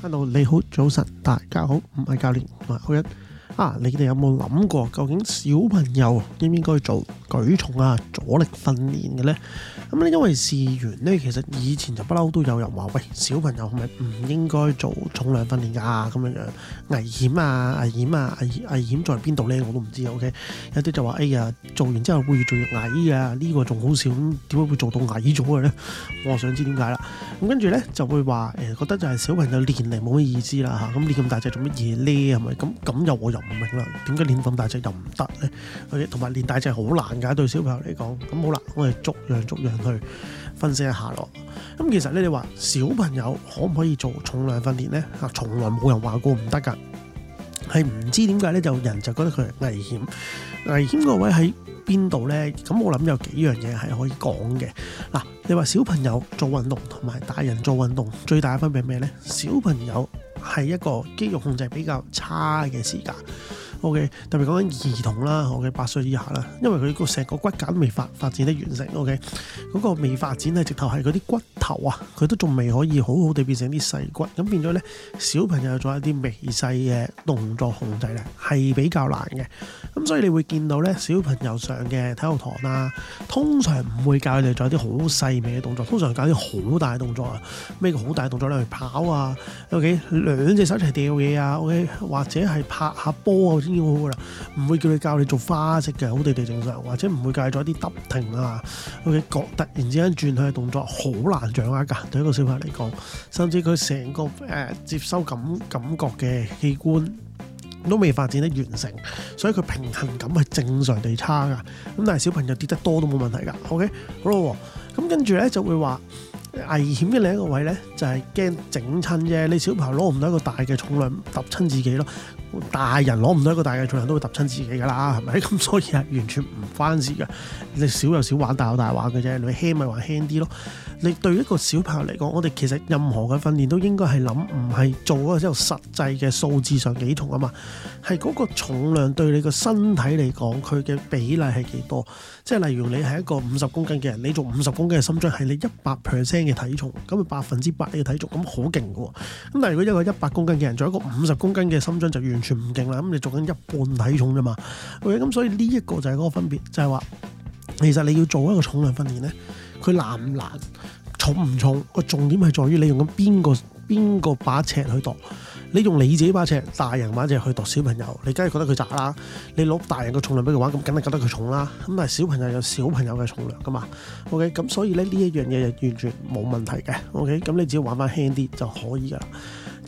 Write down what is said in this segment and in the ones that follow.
Hello，你好，早晨，大家好，我係教練，我係浩一。啊！你哋有冇諗過究竟小朋友應唔應該做舉重啊、阻力訓練嘅呢？咁、嗯、咧因為事源呢，其實以前就不嬲都有人話喂，小朋友係咪唔應該做重量訓練噶、啊？咁樣樣危險啊、危險啊、危危險在邊度呢？我都唔知道 OK，有啲就話哎呀，做完之後會越做越矮啊，呢、這個仲好少，點解會做到矮咗嘅呢？我想知點解啦。咁跟住呢，就會話誒、欸，覺得就係小朋友年齡冇乜意思啦咁、啊、你咁大隻做乜嘢呢？係咪咁咁有我用？唔明啦，點解練咁大隻又唔得咧？同埋練大隻好難噶對小朋友嚟講。咁好啦，我哋逐樣逐樣去分析一下咯。咁其實咧，你話小朋友可唔可以做重量訓練呢？啊，從來冇人話過唔得噶，係唔知點解咧，有人就覺得佢危險。危險個位喺邊度呢？咁我諗有幾樣嘢係可以講嘅。嗱，你話小朋友做運動同埋大人做運動最大嘅分別係咩呢？小朋友。係一個肌肉控制比較差嘅時間。O.K. 特別講緊兒童啦，我嘅八歲以下啦，因為佢個成個骨架都未發發展得完成，O.K. 嗰個未發展咧，直頭係嗰啲骨頭啊，佢都仲未可以好好地變成啲細骨，咁變咗咧小朋友做一啲微細嘅動作控制咧係比較難嘅，咁所以你會見到咧小朋友上嘅體育堂啊，通常唔會教佢哋做一啲好細微嘅動作，通常教啲好大的動作啊，咩嘅好大動作咧，去跑啊，O.K. 兩隻手一齊掉嘢啊，O.K. 或者係拍下波啊。好噶啦，唔會叫你教你做花式嘅，好地地正常，或者唔會教你做一啲急停啊。O.K.，突然之間轉去嘅動作好難掌握噶，對一個小朋友嚟講，甚至佢成個誒接收感感覺嘅器官都未發展得完成，所以佢平衡感係正常地差噶。咁但係小朋友跌得多都冇問題噶。O.K. 好啦，咁跟住咧就會話危險嘅另一個位咧就係驚整親啫，你小朋友攞唔到一個大嘅重量揼親自己咯。大人攞唔到一個大嘅重量，都會揼親自己噶啦，係咪？咁所以係完全唔關事嘅。你少有少玩，大有大玩嘅啫。你輕咪玩輕啲咯。你對一個小朋友嚟講，我哋其實任何嘅訓練都應該係諗，唔係做嗰個之後實際嘅數字上幾重啊嘛。係嗰個重量對你個身體嚟講，佢嘅比例係幾多？即係例如你係一個五十公斤嘅人，你做五十公斤嘅深蹲係你一百 percent 嘅體重，咁啊百分之百你嘅體重咁好勁㗎喎。咁但如果一個一百公斤嘅人做一個五十公斤嘅深蹲，就完全全唔勁啦，咁你做緊一半體重啫嘛，O K，咁所以呢一個就係嗰個分別，就係話其實你要做一個重量訓練咧，佢難唔難，重唔重？個重點係在於你用緊邊個邊個把尺去度，你用你自己把尺，大人把尺去度小朋友，你梗係覺得佢窄啦。你攞大人個重量俾佢玩，咁梗係覺得佢重啦。咁但係小朋友有小朋友嘅重量噶嘛，O K，咁所以咧呢一樣嘢就完全冇問題嘅。O K，咁你只要玩翻輕啲就可以噶啦。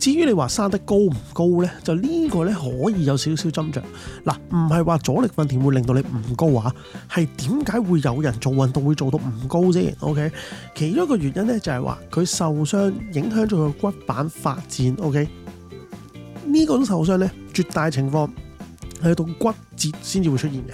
至於你話生得高唔高呢，就呢個呢可以有少少斟酌。嗱、啊，唔係話阻力訓練會令到你唔高啊，係點解會有人做運動會做到唔高啫？OK，其中一個原因呢，就係話佢受傷影響咗佢骨板發展。OK，呢個受傷呢，絕大情況係到骨折先至會出現嘅。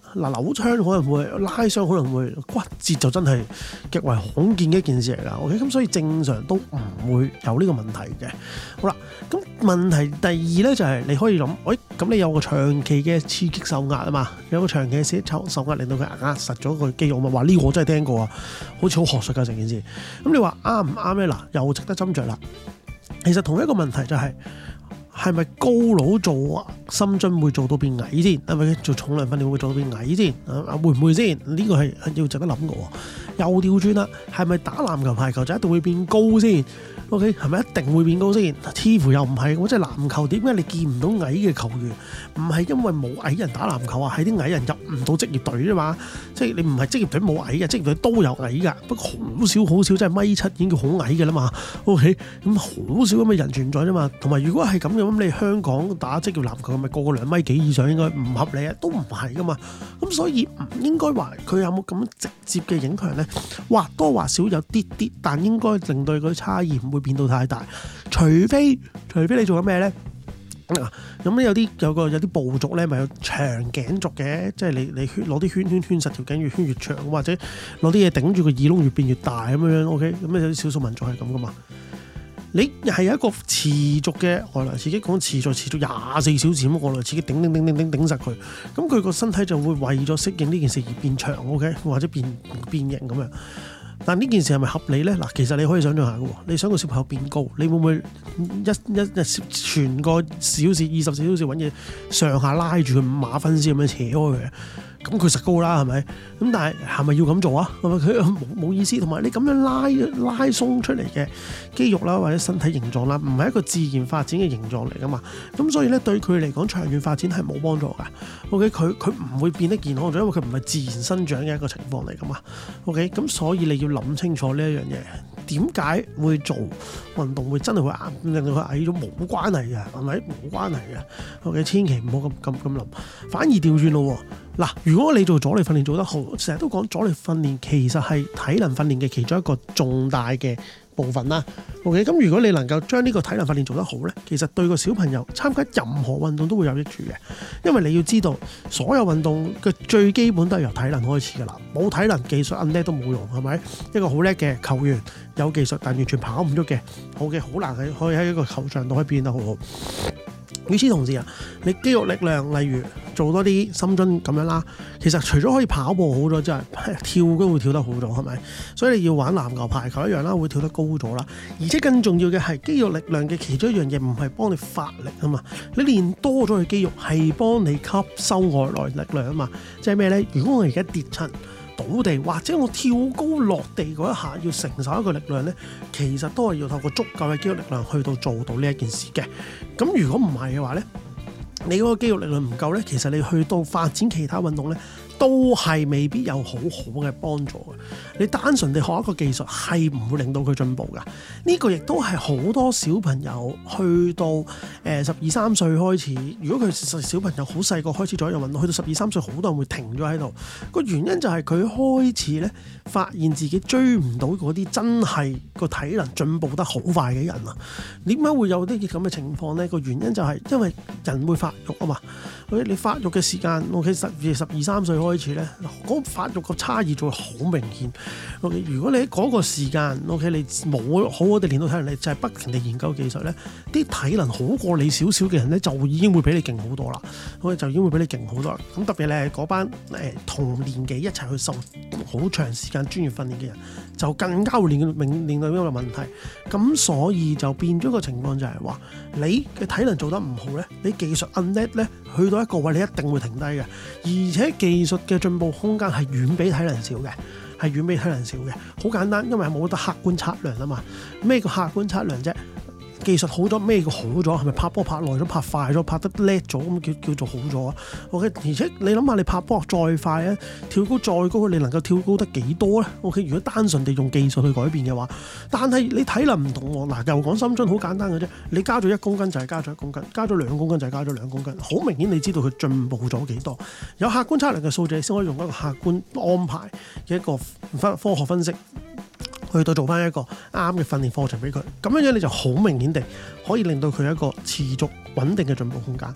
嗱，扭傷可能會，拉傷可能會，骨折就真係極為罕見嘅一件事嚟啦。OK，咁所以正常都唔會有呢個問題嘅。好啦，咁問題第二咧，就係、是、你可以諗，喂、哎，咁你有個長期嘅刺激受壓啊嘛，有個長期嘅刺激受受壓，令到佢壓實咗個肌肉嘛。話呢、這個我真係聽過啊，好似好學術㗎成件事。咁你話啱唔啱咧？嗱，又值得斟酌啦。其實同一個問題就係、是。係咪高佬做啊？深蹲會做到變矮先，係咪做重量訓練會做到變矮先？啊，會唔會先？呢個係要值得諗嘅。又調轉啦，係咪打籃球、排球就一定會變高先？O.K. 係咪一定會變高先？似乎又唔係，我即係籃球，點解你見唔到矮嘅球員？唔係因為冇矮人打籃球啊，係啲矮人入唔到職業隊啫嘛。即係你唔係職業隊冇矮嘅，職業隊都有矮噶，不過好少好少，即係米七已經叫好矮嘅啦嘛。O.K. 咁好少咁嘅人存在啫嘛。同埋如果係咁嘅咁，你香港打職業籃球咪個個兩米幾以上，應該唔合理啊，都唔係噶嘛。咁所以唔應該話佢有冇咁直接嘅影響咧？或多或少有啲啲，但應該令到佢差異唔會。變到太大，除非除非你做緊咩咧？咁咧有啲有個有啲部族咧，咪有長頸族嘅，即係你你圈攞啲圈圈圈實條頸，越圈越長，或者攞啲嘢頂住個耳窿越變越大咁樣樣。O K，咁有啲少數民族係咁噶嘛？你係有一個持續嘅外來刺激，講持續持續廿四小時咁外來刺激頂頂頂頂頂頂實佢，咁佢個身體就會為咗適應呢件事而變長。O K，或者變變,變形咁樣。但呢件事係咪合理咧？嗱，其實你可以想象下㗎喎，你想個小朋友變高，你會唔會一一日全個小時、二十四小時搵嘢上下拉住佢五馬分屍咁樣扯開佢？咁佢實高啦，係咪咁？但係係咪要咁做啊？係咪？佢冇冇意思。同埋你咁樣拉拉鬆出嚟嘅肌肉啦，或者身體形狀啦，唔係一個自然發展嘅形狀嚟噶嘛。咁所以咧，對佢嚟講，長遠發展係冇幫助噶。O.K.，佢佢唔會變得健康咗，因為佢唔係自然生長嘅一個情況嚟噶嘛。O.K.，咁所以你要諗清楚呢一樣嘢，點解會做運動會真係會壓令到佢矮咗冇關係嘅，係咪冇關係嘅？O.K.，千祈唔好咁咁咁諗，反而調轉咯。嗱，如果你做阻力訓練做得好，成日都講阻力訓練其實係體能訓練嘅其中一個重大嘅部分啦。OK，咁如果你能夠將呢個體能訓練做得好呢，其實對個小朋友參加任何運動都會有益處嘅，因為你要知道所有運動嘅最基本都係由體能開始嘅啦。冇體能技術 u n 都冇用，係咪？一個好叻嘅球員有技術，但完全跑唔喐嘅好嘅，OK 好難去去喺一個球場度可以變得好好。與此同時啊，你肌肉力量，例如做多啲深蹲咁樣啦，其實除咗可以跑步好咗之外，跳都會跳得好咗，係咪？所以你要玩籃球、排球一樣啦，會跳得高咗啦。而且更重要嘅係肌肉力量嘅其中一樣嘢，唔係幫你發力啊嘛。你練多咗嘅肌肉係幫你吸收外來力量啊嘛。即係咩呢？如果我而家跌親。倒地或者我跳高落地嗰一下要承受一個力量咧，其實都係要透過足夠嘅肌肉力量去到做到呢一件事嘅。咁如果唔係嘅話咧，你嗰個肌肉力量唔夠咧，其實你去到發展其他運動咧。都係未必有好好嘅幫助嘅。你單純地學一個技術係唔會令到佢進步㗎。呢個亦都係好多小朋友去到誒十二三歲開始，如果佢實小朋友好細個開始做一樣運動，去到十二三歲好多人會停咗喺度。個原因就係佢開始呢，發現自己追唔到嗰啲真係個體能進步得好快嘅人啊。點解會有啲咁嘅情況呢？個原因就係因為人會發育啊嘛。誒，你發育嘅時間12，我其實十二三歲開。開始咧，嗰發育個差異就會好明顯 O.K. 如果你喺個時間 o k 你冇好，好哋練到體能，你就係不停地研究技術咧。啲體能好過你少少嘅人咧，就已經會比你勁好多啦。所以就已經會比你勁好多。咁特別你係嗰班誒同年紀一齊去受好長時間專業訓練嘅人，就更加會練嘅明練，練，練到邊個問題。咁所以就變咗個情況就係話你嘅體能做得唔好咧，你的技術 unlet 咧，去到一個位你一定會停低嘅，而且技術嘅進步空間係遠比體能少嘅，係遠比體能少嘅。好簡單，因為冇得客觀測量啊嘛。咩叫客觀測量啫？技術好咗咩？叫好咗係咪拍波拍耐咗、拍快咗、拍得叻咗咁叫叫做好咗啊？OK，而且你諗下，你拍波再快啊，跳高再高，你能夠跳高得幾多咧？OK，如果單純地用技術去改變嘅話，但係你體能唔同喎。嗱、啊，又講深蹲好簡單嘅啫，你加咗一公斤就係加咗一公斤，加咗兩公斤就係加咗兩公斤。好明顯，你知道佢進步咗幾多？有客觀測量嘅數字先可以用一個客觀安排嘅一個科學分析。去到做翻一個啱嘅訓練課程俾佢，咁樣樣你就好明顯地可以令到佢一個持續穩定嘅進步空間。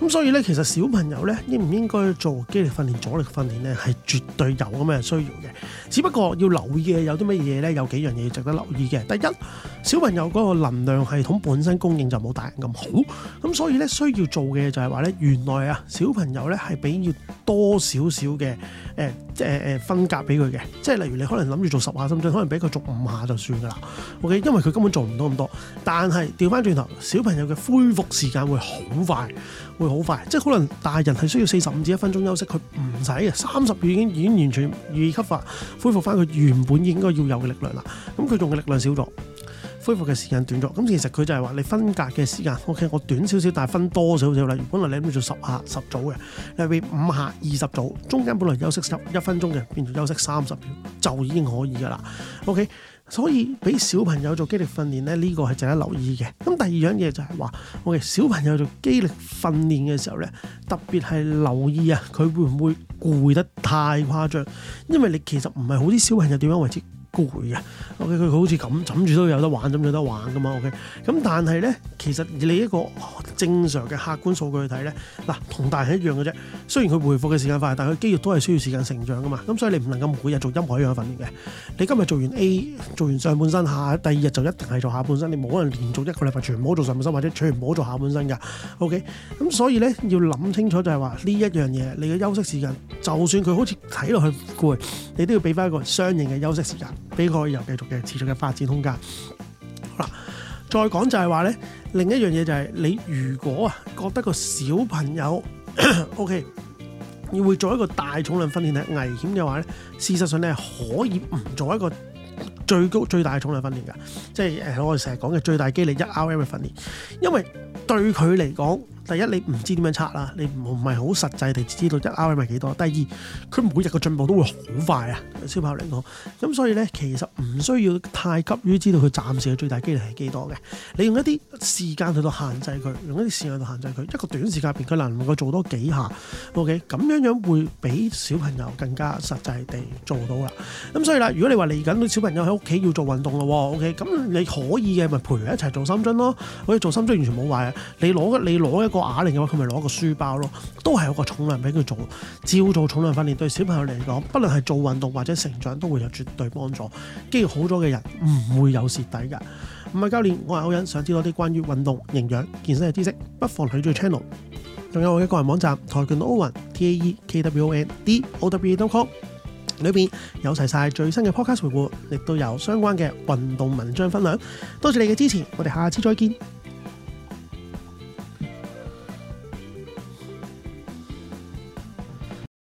咁所以呢，其實小朋友呢，應唔應該做肌力訓練、阻力訓練呢？係絕對有咁嘅需要嘅。只不過要留意嘅有啲乜嘢呢？有幾樣嘢值得留意嘅。第一。小朋友嗰個能量系統本身供應就冇大人咁好，咁所以咧需要做嘅就係話咧，原來啊小朋友咧係比要多少少嘅誒誒誒分隔俾佢嘅，即係例如你可能諗住做十下甚至可能俾佢做五下就算㗎啦。O.K.，因為佢根本做唔到咁多。但係調翻轉頭，小朋友嘅恢復時間會好快，會好快，即係可能大人係需要四十五至一分鐘休息，佢唔使嘅，三十秒已經已經完全已吸發恢復翻佢原本應該要有嘅力量啦。咁佢用嘅力量少咗。恢復嘅時間短咗，咁其實佢就係話你分隔嘅時間，OK，我短少少，但係分多少少啦。原本你諗要做十下十組嘅，例如五下二十組，中間本來休息十一分鐘嘅，變咗休息三十秒就已經可以噶啦。OK，所以俾小朋友做肌力訓練咧，呢個係值得留意嘅。咁第二樣嘢就係話，OK，小朋友做肌力訓練嘅時候咧，特別係留意啊，佢會唔會攰得太誇張？因為你其實唔係好啲小朋友點樣為之攰嘅，O K 佢好似咁，枕住都有得玩，枕住有得玩㗎嘛，O K，咁但係咧，其實你一個。正常嘅客觀數據去睇咧，嗱同大人一樣嘅啫。雖然佢回復嘅時間快，但係佢肌肉都係需要時間成長噶嘛。咁所以你唔能夠每日做任何一樣嘅訓練嘅。你今日做完 A，做完上半身，下第二日就一定係做下半身。你冇可能連續一個禮拜全部做上半身或者全部做下半身㗎。OK，咁所以咧要諗清楚就係話呢一樣嘢，你嘅休息時間，就算佢好似睇落去攰，你都要俾翻一個相應嘅休息時間，俾佢有繼續嘅持續嘅發展空間。再講就係話咧，另一樣嘢就係、是、你如果啊覺得個小朋友 OK，要會做一個大重量訓練咧危險嘅話咧，事實上咧你可以唔做一個最高最大的重量訓練㗎，即係誒我哋成日講嘅最大肌力一 RM 嘅訓練，因為對佢嚟講。第一，你唔知點樣測啦，你唔係好實際地知道一 RM 咪幾多。第二，佢每日嘅進步都會好快啊，超跑嚟講。咁所以咧，其實唔需要太急於知道佢暫時嘅最大肌力係幾多嘅。你用一啲時間去到限制佢，用一啲時間去到限制佢，一個短時間入邊佢能唔能夠做多幾下。O K，咁樣樣會俾小朋友更加實際地做到啦。咁所以啦，如果你話嚟緊小朋友喺屋企要做運動咯，O K，咁你可以嘅咪陪佢一齊做深蹲咯。我哋做深蹲完全冇壞嘅。你攞你攞一個。把練嘅話，佢咪攞個書包咯，都係有個重量俾佢做。照做重量訓練，對小朋友嚟講，不論係做運動或者成長，都會有絕對幫助。肌肉好咗嘅人唔會有蝕底㗎。唔係教練，我係歐仁，想知道啲關於運動、營養、健身嘅知識，不妨去我嘅 channel，仲有我嘅個人網站跆拳道 Owen （T A E K W O N D O W E N dot com） 裏邊有齊晒最新嘅 podcast 回顧，亦都有相關嘅運動文章分享。多謝你嘅支持，我哋下次再見。